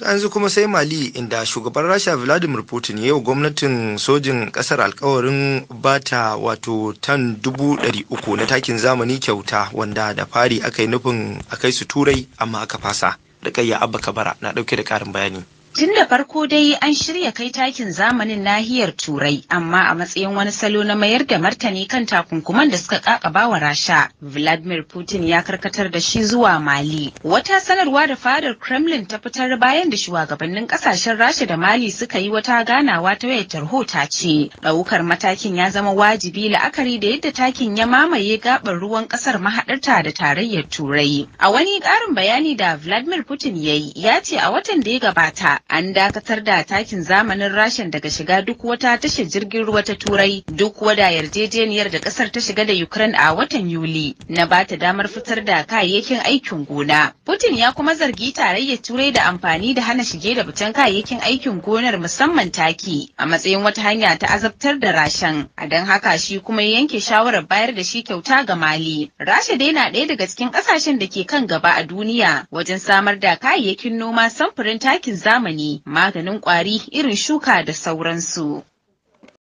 ta yanzu kuma sai mali inda shugaban rasha vladimir putin ya yi wa gwamnatin sojin kasar alkawarin bata wato tan dubu dari uku na takin zamani kyauta wanda da fari aka yi nufin a kai su turai amma aka fasa da kayya abba kabara na dauke da ƙarin bayani Tun da farko dai an shirya kai takin zamanin nahiyar Turai amma a matsayin wani salo na mayar da martani kan takunkuman da suka kakaba wa Rasha. Vladimir Putin ya karkatar da shi zuwa Mali. Wata sanarwa da fadar Kremlin ta fitar bayan da shugabannin kasashen Rasha da Mali suka yi wata ganawa ta wayar tarho ta ce ɗaukar matakin ya zama wajibi la'akari da yadda takin ya mamaye gabar ruwan ƙasar mahaɗarta da tarayyar Turai. A wani ƙarin bayani da Vladimir Putin ya yi ya ce a watan da ya gabata an dakatar da takin zamanin Rashan daga shiga duk wata tashar jirgin ruwa ta Turai duk wada yarjejeniyar da kasar ta shiga da Ukraine a watan Yuli na ba ta damar fitar da kayayyakin aikin gona. Putin ya kuma zargi tarayyar Turai da amfani da hana shige da fitan kayayyakin aikin gonar musamman taki a matsayin wata hanya ta azabtar da Rashan. A don haka shi kuma yanke shawarar bayar da shi kyauta ga Mali. Rasha dai na ɗaya daga cikin ƙasashen da ke kan gaba a duniya wajen samar da kayayyakin noma samfurin takin zamani zamani maganin ƙwari irin shuka da sauransu.